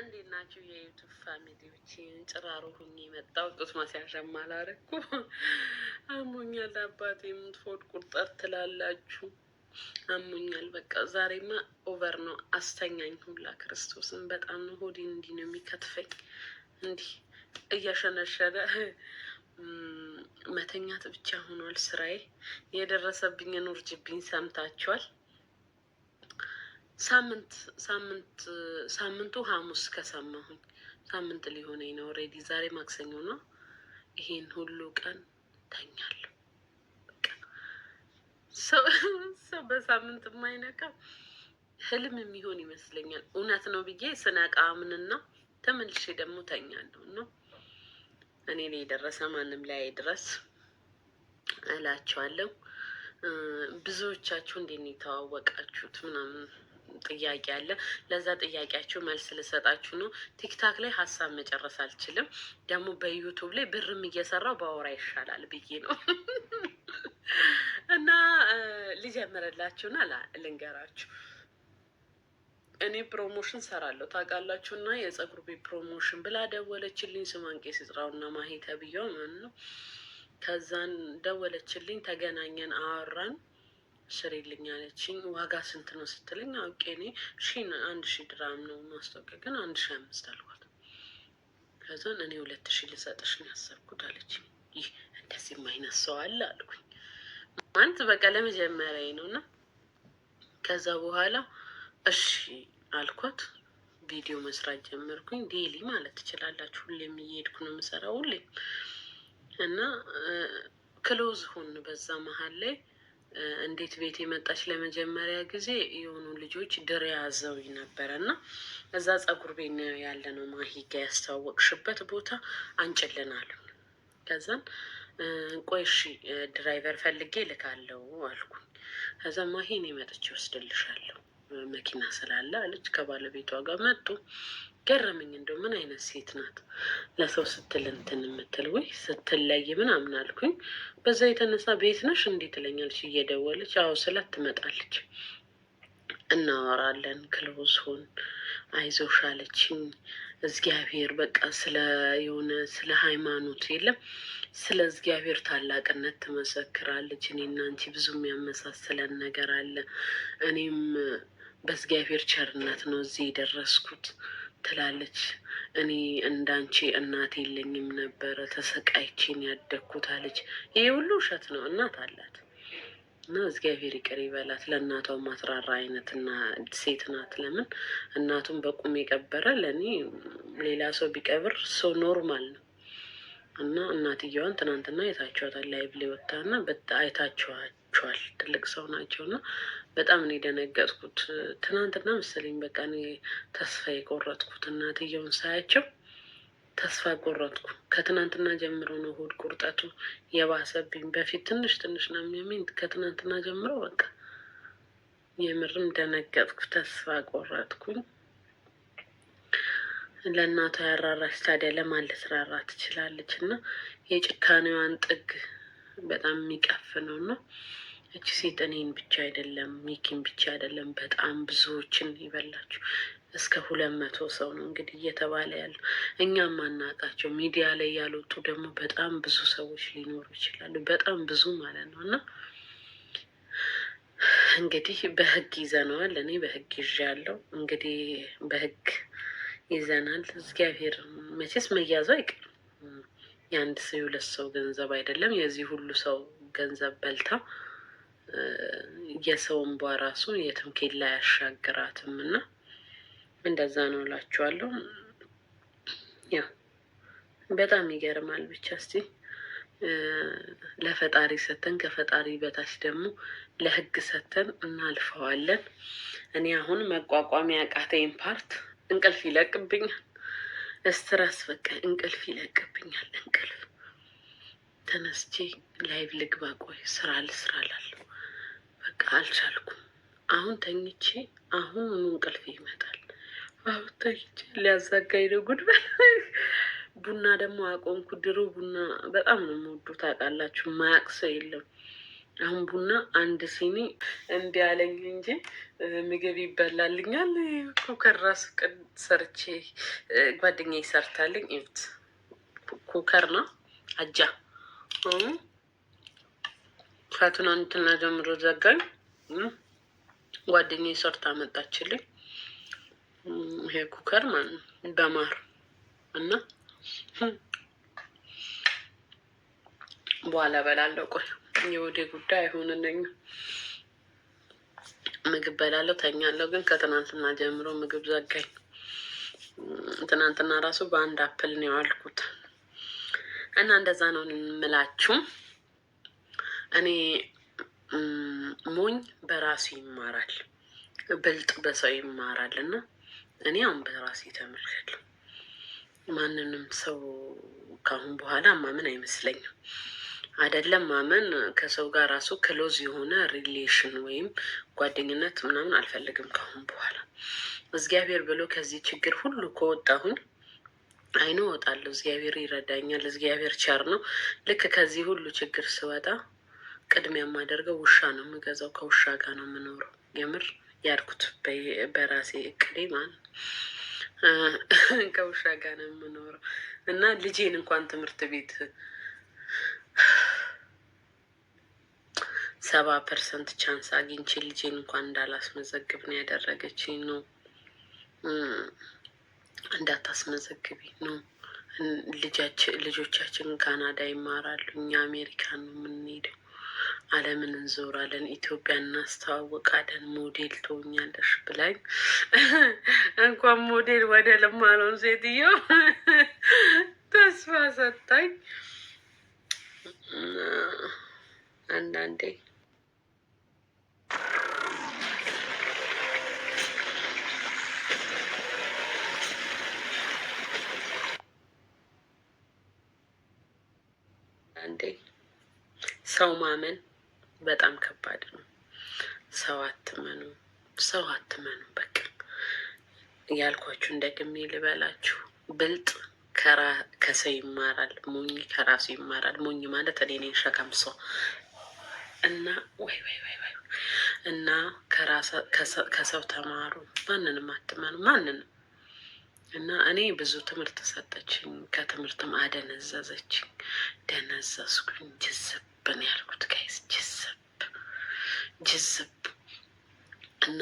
እንዴት ናችሁ የዩቱብ ፋሚሊዎች? ጭራሮ ሁኝ የመጣው ጡት ማስያዣም አላረኩ አሞኛል። አባቴ የምትፎድ ቁርጠት ትላላችሁ። አሞኛል በቃ ዛሬማ ኦቨር ነው። አስተኛኝ ሁላ ክርስቶስን በጣም ነው ሆዴ እንዲህ ነው የሚከትፈኝ። እንዲህ እያሸነሸነ መተኛት ብቻ ሆኗል ስራዬ። የደረሰብኝን ውርጅብኝ ሰምታችኋል። ሳምንት ሳምንት ሳምንቱ ሐሙስ ከሰማሁኝ ሳምንት ሊሆነኝ ነው። ኦልሬዲ ዛሬ ማክሰኞ ነው። ይሄን ሁሉ ቀን ተኛለሁ። ሰው በሳምንት የማይነካ ህልም የሚሆን ይመስለኛል። እውነት ነው ብዬ ስነቃ አምንና ተመልሼ ደግሞ ተኛለሁ። ነው እኔ ላይ የደረሰ ማንም ላይ ድረስ እላቸዋለሁ። ብዙዎቻችሁ እንዴት ነው የተዋወቃችሁት ምናምን ጥያቄ አለ። ለዛ ጥያቄያችሁ መልስ ልሰጣችሁ ነው። ቲክታክ ላይ ሀሳብ መጨረስ አልችልም። ደግሞ በዩቱብ ላይ ብርም እየሰራው በአውራ ይሻላል ብዬ ነው እና ልጀምርላችሁና ልንገራችሁ እኔ ፕሮሞሽን ሰራለሁ ታውቃላችሁ፣ እና የጸጉር ቤት ፕሮሞሽን ብላ ደወለችልኝ። ስሟን ቄስ ይጥራውና ማሂ ተብዬው ነው። ከዛን ደወለችልኝ፣ ተገናኘን፣ አወራን ስሪልኝ አለችኝ። ዋጋ ስንት ነው ስትለኝ አውቄ እኔ ሺን አንድ ሺ ድራም ነው ማስታወቂያ ግን አንድ ሺ አምስት አልኳት። ከዛን እኔ ሁለት ሺ ልሰጥሽ ነው ያሰብኩት አለችኝ። ይህ እንደዚህ ማይነት ሰው አለ አልኩኝ። ማለት በቃ ለመጀመሪያ ነው እና ከዛ በኋላ እሺ አልኳት። ቪዲዮ መስራት ጀመርኩኝ። ዴሊ ማለት ትችላላችሁ። ሁሌም እየሄድኩ ነው የምሰራው ሁሌም እና ክሎዝ ሆን በዛ መሀል ላይ እንዴት ቤት የመጣች ለመጀመሪያ ጊዜ የሆኑ ልጆች ድር ያዘው ነበረ እና እዛ ጸጉር ቤት ያለ ነው ማሂጋ ያስተዋወቅሽበት ቦታ አንጭልናሉ። ከዛን ቆይ እሺ ድራይቨር ፈልጌ ልካለው አልኩኝ። ከዛ ማሂ እኔ መጥቼ ወስድልሻለሁ መኪና ስላለ አለች። ከባለቤቷ ጋር መጡ። ገረመኝ። እንደው ምን አይነት ሴት ናት ለሰው ስትል እንትን የምትል ወይ ስትለይ ምናምን አልኩኝ። በዛ የተነሳ ቤት ነሽ እንዴት ትለኛለች እየደወለች። አዎ ስላት ትመጣለች፣ እናወራለን። ክሎዝ ሆን አይዞሽ አለችኝ። እግዚአብሔር በቃ ስለ የሆነ ስለ ሃይማኖት የለም ስለ እግዚአብሔር ታላቅነት ትመሰክራለች። እኔ አንቺ ብዙ የሚያመሳስለን ነገር አለ። እኔም በእግዚአብሔር ቸርነት ነው እዚህ የደረስኩት። ትላለች። እኔ እንዳንቺ እናት የለኝም ነበረ ተሰቃይቼን ያደግኩት አለች። ይሄ ሁሉ ውሸት ነው። እናት አላት እና እግዚአብሔር ይቅር ይበላት። ለእናቷ ማትራራ አይነት እና ሴት ናት። ለምን እናቱን በቁም የቀበረ ለእኔ ሌላ ሰው ቢቀብር ሰው ኖርማል ነው። እና እናትየዋን ትናንትና አይታችኋታል። ላይብ ሊወጣ ና አይታችኋቸዋል። ትልቅ ሰው ናቸው ና በጣም ነው የደነገጥኩት። ትናንትና መሰለኝ በቃ እኔ ተስፋ የቆረጥኩት እናትየውን ሳያቸው ተስፋ ቆረጥኩ። ከትናንትና ጀምሮ ነው ሆድ ቁርጠቱ የባሰብኝ። በፊት ትንሽ ትንሽ ነው የሚያመኝ፣ ከትናንትና ጀምሮ በቃ የምርም ደነገጥኩ፣ ተስፋ ቆረጥኩኝ። ለእናቷ ያራራች ታዲያ ለማን ልትራራ ትችላለች? እና የጭካኔዋን ጥግ በጣም የሚቀፍ ነው ነው እቺ ሴት እኔን ብቻ አይደለም ሚኪን ብቻ አይደለም፣ በጣም ብዙዎችን ይበላችሁ። እስከ ሁለት መቶ ሰው ነው እንግዲህ እየተባለ ያለው። እኛም ማናቃቸው ሚዲያ ላይ ያልወጡ ደግሞ በጣም ብዙ ሰዎች ሊኖሩ ይችላሉ። በጣም ብዙ ማለት ነው እና እንግዲህ በህግ ይዘነዋል። እኔ በህግ ይዣለሁ። እንግዲህ በህግ ይዘናል። እግዚአብሔር መቼስ መያዙ አይቀርም። የአንድ ሰው የሁለት ሰው ገንዘብ አይደለም የዚህ ሁሉ ሰው ገንዘብ በልታ የሰው እንቧ ራሱ የትም ኬላ አያሻግራትም እና እንደዛ ነው እላችኋለሁ። ያው በጣም ይገርማል። ብቻ እስቲ ለፈጣሪ ሰተን ከፈጣሪ በታች ደግሞ ለህግ ሰተን እናልፈዋለን። እኔ አሁን መቋቋም ያቃተኝ ፓርት እንቅልፍ ይለቅብኛል። እስትረስ በቃ እንቅልፍ ይለቅብኛል። እንቅልፍ ተነስቼ ላይቭ ልግባ፣ ቆይ ስራ ልስራ እላለሁ። በቃ አልቻልኩም። አሁን ተኝቼ አሁን ኑ እንቅልፍ ይመጣል። አሁን ተኝቼ ሊያዛጋኝ ነው ጉድበል። ቡና ደግሞ አቆንኩ። ድሮ ቡና በጣም ነው የምወዱ ታውቃላችሁ። ማያቅ ሰው የለም። አሁን ቡና አንድ ሲኒ እንዲህ አለኝ እንጂ ምግብ ይበላልኛል። ኩከር ቅድ ሰርቼ ጓደኛ ይሰርታልኝ። ይኸውት ኩከር ነው አጃ ከትናንትና ጀምሮ ዘጋኝ። ጓደኛ ሰርታ መጣችልኝ። ይሄ ኩከር ማለት ነው በማር እና በኋላ በላለው ቆይ የወዴ ጉዳይ አይሆንልኝም። ምግብ በላለው ተኛለው፣ ግን ከትናንትና ጀምሮ ምግብ ዘጋኝ። ትናንትና ራሱ በአንድ አፕል ነው ያልኩት እና እንደዛ ነው እንምላችሁ። እኔ ሞኝ በራሱ ይማራል፣ ብልጥ በሰው ይማራል። እና እኔ አሁን በራሴ ተምሬያለሁ። ማንንም ሰው ካሁን በኋላ ማመን አይመስለኝም። አይደለም ማመን ከሰው ጋር ራሱ ክሎዝ የሆነ ሪሌሽን ወይም ጓደኝነት ምናምን አልፈልግም ካሁን በኋላ። እግዚአብሔር ብሎ ከዚህ ችግር ሁሉ ከወጣሁኝ አይኖ እወጣለሁ። እግዚአብሔር ይረዳኛል። እግዚአብሔር ቸር ነው። ልክ ከዚህ ሁሉ ችግር ስወጣ ቅድሚያ የማደርገው ውሻ ነው የምገዛው። ከውሻ ጋር ነው የምኖረው። የምር ያልኩት በራሴ እቅዴ ማለት ከውሻ ጋር ነው የምኖረው እና ልጄን እንኳን ትምህርት ቤት ሰባ ፐርሰንት ቻንስ አግኝቼ ልጄን እንኳን እንዳላስመዘግብ ነው ያደረገችኝ። ነው እንዳታስመዘግቢ ነው ልጆቻችን ካናዳ ይማራሉ፣ እኛ አሜሪካን ነው የምንሄደው። ዓለምን እንዞራለን፣ ኢትዮጵያ እናስተዋውቃለን፣ ሞዴል ትሆኛለሽ ብላኝ እንኳን ሞዴል ወደ ልማለውን ሴትዮ ተስፋ ሰጣኝ። አንዳንዴ አንዴ ሰው ማመን በጣም ከባድ ነው። ሰው አትመኑ፣ ሰው አትመኑ። በቃ ያልኳችሁ እንደግሜ ልበላችሁ፣ ብልጥ ከራ ከሰው ይማራል፣ ሞኝ ከራሱ ይማራል። ሞኝ ማለት እኔ ነኝ ሸከም ሰው እና ወይ ወይ ወይ ወይ እና ከሰው ተማሩ፣ ማንንም አትመኑ፣ ማንንም እና እኔ ብዙ ትምህርት ሰጠችኝ፣ ከትምህርትም አደነዘዘችኝ፣ ደነዘዝኩኝ ጅዝብ ነው ያልኩት። ጋይስ ጅዝብ ጅዝብ እና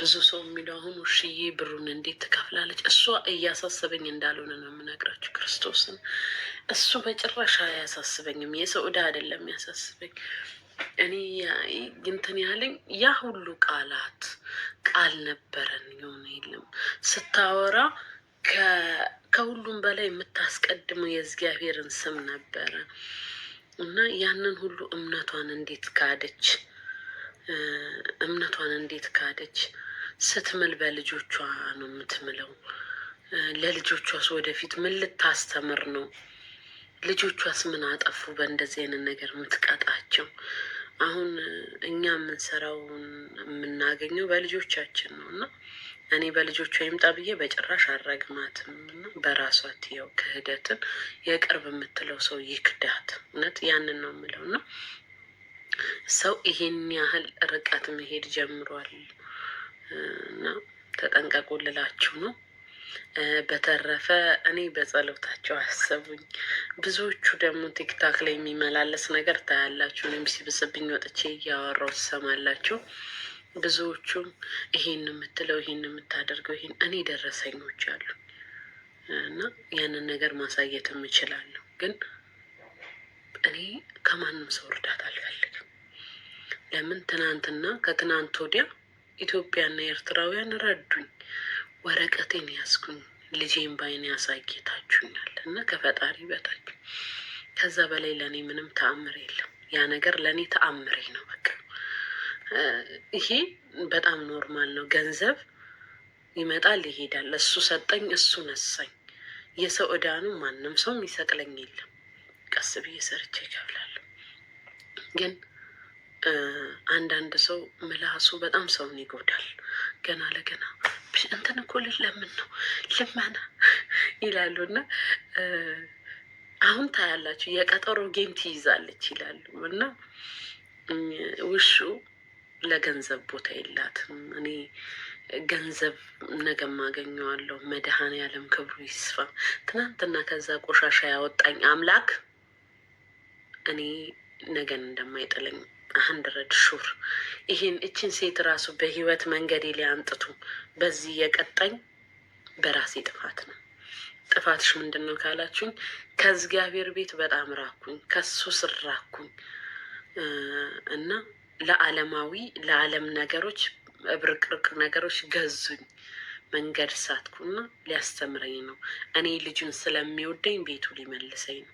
ብዙ ሰው የሚለው አሁን ውሽዬ ብሩን እንዴት ትከፍላለች? እሷ እያሳሰበኝ እንዳልሆነ ነው የምነግራችሁ። ክርስቶስን እሱ በጭራሽ አያሳስበኝም። የሰው ዕዳ አይደለም ያሳስበኝ። እኔ እንትን ያለኝ ያ ሁሉ ቃላት ቃል ነበረን የሆነ የለም ስታወራ ከሁሉም በላይ የምታስቀድመው የእግዚአብሔርን ስም ነበረ። እና ያንን ሁሉ እምነቷን እንዴት ካደች? እምነቷን እንዴት ካደች? ስትምል በልጆቿ ነው የምትምለው። ለልጆቿስ ወደፊት ምን ልታስተምር ነው? ልጆቿስ ምን አጠፉ? በእንደዚህ አይነት ነገር የምትቀጣቸው አሁን እኛ የምንሰራውን የምናገኘው በልጆቻችን ነው እና እኔ በልጆቿ ይምጣ ብዬ በጭራሽ አረግማትም። በራሷ ትየው ክህደትን የቅርብ የምትለው ሰው ይክዳት። እውነት ያንን ነው የምለው እና ሰው ይሄን ያህል ርቀት መሄድ ጀምሯል እና ተጠንቀቁ ልላችሁ ነው። በተረፈ እኔ በጸሎታቸው አሰቡኝ። ብዙዎቹ ደግሞ ቲክታክ ላይ የሚመላለስ ነገር ታያላችሁ። እኔም ሲብስብኝ ወጥቼ እያወራው ትሰማላችሁ። ብዙዎቹም ይሄን የምትለው ይሄን የምታደርገው ይሄን እኔ ደረሰኞች አሉ እና ያንን ነገር ማሳየትም እችላለሁ። ግን እኔ ከማንም ሰው እርዳታ አልፈልግም። ለምን ትናንትና ከትናንት ወዲያ ኢትዮጵያና ኤርትራውያን ረዱኝ፣ ወረቀቴን ያስጉኝ፣ ልጄን ባይን ያሳጌታችሁኛል እና ከፈጣሪ በታች ከዛ በላይ ለእኔ ምንም ተአምር የለም። ያ ነገር ለእኔ ተአምሬ ነው በቃ ይሄ በጣም ኖርማል ነው። ገንዘብ ይመጣል ይሄዳል። እሱ ሰጠኝ፣ እሱ ነሳኝ። የሰው እዳኑ ማንም ሰው ይሰቅለኝ የለም። ቀስ ብዬ ሰርቼ እከፍላለሁ። ግን አንዳንድ ሰው ምላሱ በጣም ሰውን ይጎዳል። ገና ለገና እንትን እኮ ለምን ነው ልመና ይላሉ እና አሁን ታያላችሁ የቀጠሮ ጌም ትይዛለች ይላሉ እና ውሹ ለገንዘብ ቦታ የላትም። እኔ ገንዘብ ነገ ማገኘዋለሁ። ያለም ክብሩ ይስፋ። ትናንትና ከዛ ቆሻሻ ያወጣኝ አምላክ እኔ ነገን እንደማይጥለኝ አንድረድ ሹር። ይህን እችን ሴት ራሱ በህይወት መንገዴ ላይ በዚህ የቀጣኝ በራሴ ጥፋት ነው። ጥፋትሽ ምንድን ነው ካላችሁኝ፣ ከእግዚአብሔር ቤት በጣም ራኩኝ፣ ከሱ ስር ራኩኝ እና ለዓለማዊ ለዓለም ነገሮች እብርቅርቅ ነገሮች ገዙኝ፣ መንገድ ሳትኩና ሊያስተምረኝ ነው። እኔ ልጁን ስለሚወደኝ ቤቱ ሊመልሰኝ ነው።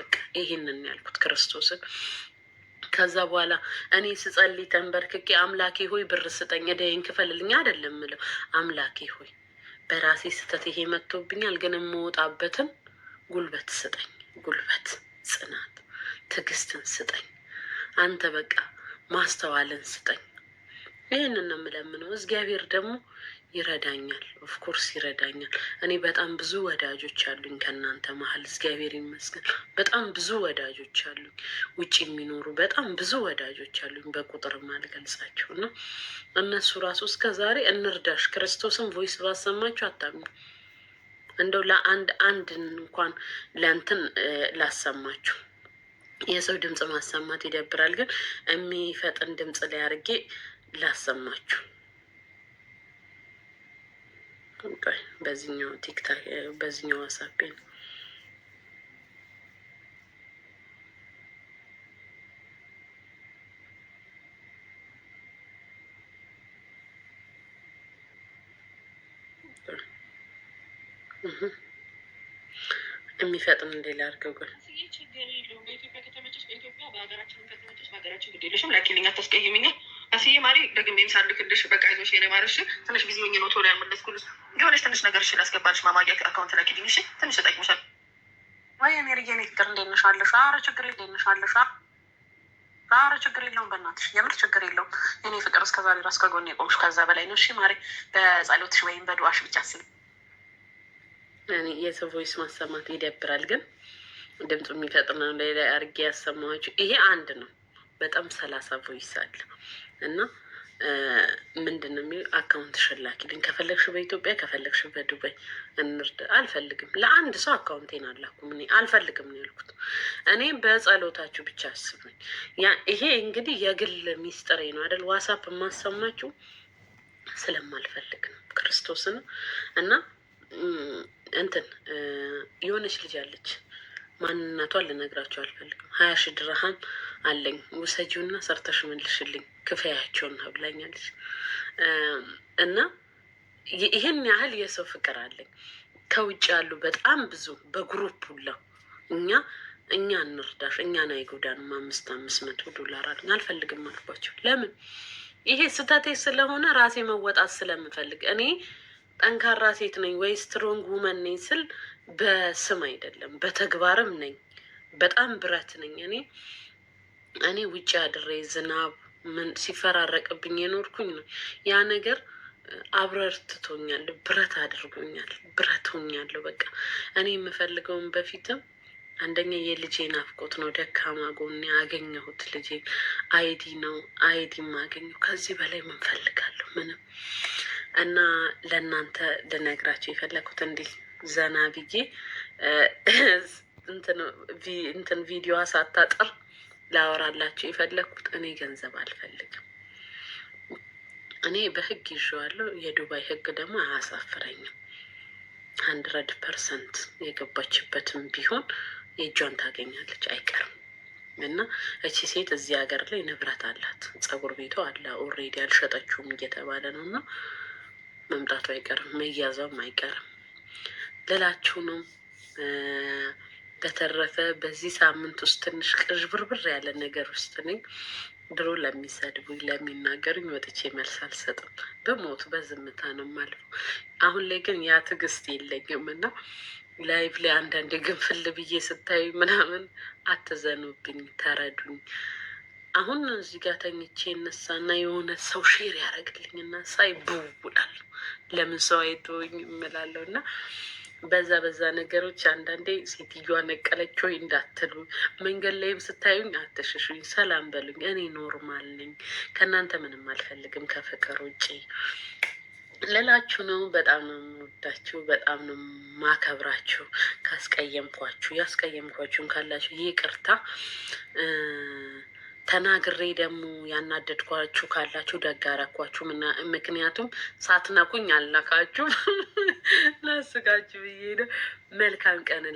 በቃ ይህንን ያልኩት ክርስቶስን ከዛ በኋላ እኔ ስጸልይ ተንበርክኬ አምላኬ ሆይ ብር ስጠኝ፣ ዕዳዬን ክፈልልኝ አይደለም ምለው። አምላኬ ሆይ በራሴ ስህተት ይሄ መጥቶብኛል፣ ግን የምወጣበትን ጉልበት ስጠኝ። ጉልበት፣ ጽናት፣ ትዕግስትን ስጠኝ አንተ በቃ ማስተዋልን ስጠኝ። ይህንን ነው የምለምነው። እግዚአብሔር ደግሞ ይረዳኛል፣ ኦፍኮርስ ይረዳኛል። እኔ በጣም ብዙ ወዳጆች አሉኝ ከእናንተ መሀል እግዚአብሔር ይመስገን። በጣም ብዙ ወዳጆች አሉኝ፣ ውጭ የሚኖሩ በጣም ብዙ ወዳጆች አሉኝ፣ በቁጥር ማልገልጻቸው እና እነሱ ራሱ እስከ ዛሬ እንርዳሽ ክርስቶስን ቮይስ ባሰማችሁ አታምኑ። እንደው ለአንድ አንድ እንኳን ለእንትን ላሰማችሁ የሰው ድምፅ ማሰማት ይደብራል፣ ግን የሚፈጥን ድምፅ ላይ አድርጌ ላሰማችሁ። በዚኛው ቲክታክ በዚኛው ዋሳፔ ነው። የሚፈጥን ሌላ አድርገው ግን ኢትዮጵያ በሀገራችን በሀገራችን ግዴለሽም ላኪልኝ፣ አስዬ ማሪ ሳልክልሽ በቃ ይዞሽ የኔ ማርሽ ትንሽ ጊዜ ሆኜ ነው ቶሎ ያልመለስኩልሽ። የሆነች ትንሽ ነገር ላስገባልሽ ማማያ አካውንት ላኪልኝ። እሺ ትንሽ ወይ ፍቅር እንዴት ነሽ አለሽ? ችግር ነሽ አለሽ? ችግር የለውም በእናትሽ፣ የምር ችግር የለውም የኔ ፍቅር። እስከዛሬ ራስ ከጎን የቆምሽ ከዛ በላይ ነው። እሺ ማሪ፣ በጸሎትሽ ወይም ብቻ ስል የሰው ቮይስ ማሰማት ይደብራል ግን ድምፁ የሚፈጥር ነው። ሌላ አድርጌ ያሰማችሁ። ይሄ አንድ ነው። በጣም ሰላሳ ቮይስ አለ እና ምንድን ነው የሚለው አካውንት ግን ከፈለግሽ በኢትዮጵያ ከፈለግሽ በዱባይ እንርድ። አልፈልግም ለአንድ ሰው አካውንቴን አላኩም። እኔ አልፈልግም ነው ያልኩት። እኔ በጸሎታችሁ ብቻ አስቡኝ። ይሄ እንግዲህ የግል ሚስጥሬ ነው አደል ዋሳፕ የማሰማችሁ ስለማልፈልግ ነው። ክርስቶስን እና እንትን የሆነች ልጅ አለች ማንነቷን ልነግራቸው አልፈልግም። ሀያ ሺ ድርሃም አለኝ ውሰጂውና ሰርተሽ መልሽልኝ ክፍያቸውን ነው ብላኛለች። እና ይህን ያህል የሰው ፍቅር አለኝ። ከውጭ ያሉ በጣም ብዙ በግሩፕ ሁላ እኛ እኛ እንርዳሽ እኛን አይጎዳንም አምስት አምስት መቶ ዶላር አለኝ አልፈልግም አልኳቸው። ለምን ይሄ ስህተቴ ስለሆነ ራሴ መወጣት ስለምፈልግ እኔ ጠንካራ ሴት ነኝ ወይ ስትሮንግ ውመን ነኝ ስል በስም አይደለም በተግባርም ነኝ። በጣም ብረት ነኝ እኔ እኔ ውጭ አድሬ ዝናብ ምን ሲፈራረቅብኝ የኖርኩኝ ነው። ያ ነገር አብረርትቶኛል፣ ብረት አድርጎኛል፣ ብረት ሆኛለሁ። በቃ እኔ የምፈልገውን በፊትም አንደኛ የልጄ ናፍቆት ነው። ደካማ ጎን ያገኘሁት ልጄ አይዲ ነው። አይዲ ማገኘው ከዚህ በላይ ምንፈልጋለሁ? ምንም እና ለእናንተ ልነግራቸው የፈለግኩት እንዲህ ዘና ብዬ እንትን ቪዲዮ ሳታጥር ላወራላቸው የፈለግኩት እኔ ገንዘብ አልፈልግም። እኔ በህግ ይዤዋለሁ። የዱባይ ህግ ደግሞ አያሳፍረኝም። ሀንድረድ ፐርሰንት የገባችበትም ቢሆን የእጇን ታገኛለች አይቀርም። እና እቺ ሴት እዚህ ሀገር ላይ ንብረት አላት፣ ጸጉር ቤቷ አለ፣ ኦሬዲ አልሸጠችውም እየተባለ ነው። እና መምጣቱ አይቀርም፣ መያዛውም አይቀርም። ልላችሁ ነው። በተረፈ በዚህ ሳምንት ውስጥ ትንሽ ብርብር ያለ ነገር ውስጥ ነኝ። ድሮ ለሚሰድቡኝ ለሚናገሩኝ ወጥቼ መልስ አልሰጥም። በሞቱ በዝምታ ነው የማልፈው። አሁን ላይ ግን ያ ትዕግስት የለኝም እና ላይቭ ላይ አንዳንዴ ግንፍል ብዬ ስታዩ ምናምን አትዘኑብኝ፣ ተረዱኝ። አሁን እዚህ ጋር ተኝቼ እነሳና የሆነ ሰው ሼር ያደርግልኝና ሳይ ብውላሉ ለምን ሰው አይተወኝም እላለሁ እና በዛ በዛ ነገሮች አንዳንዴ ሴትዮዋ ነቀለች ወይ እንዳትሉ፣ መንገድ ላይም ስታዩኝ አትሽሹኝ፣ ሰላም በሉኝ። እኔ ኖርማል ነኝ፣ ከእናንተ ምንም አልፈልግም ከፍቅር ውጪ ልላችሁ ነው። በጣም ነው የምወዳችሁ፣ በጣም ነው ማከብራችሁ። ካስቀየምኳችሁ ያስቀየምኳችሁም ካላችሁ ይቅርታ። ተናግሬ ደግሞ ያናደድኳችሁ ካላችሁ ደግ ምክንያቱም ሳትነኩኝ አልነካችሁም። ላስጋችሁ ብዬ ነው። መልካም ቀን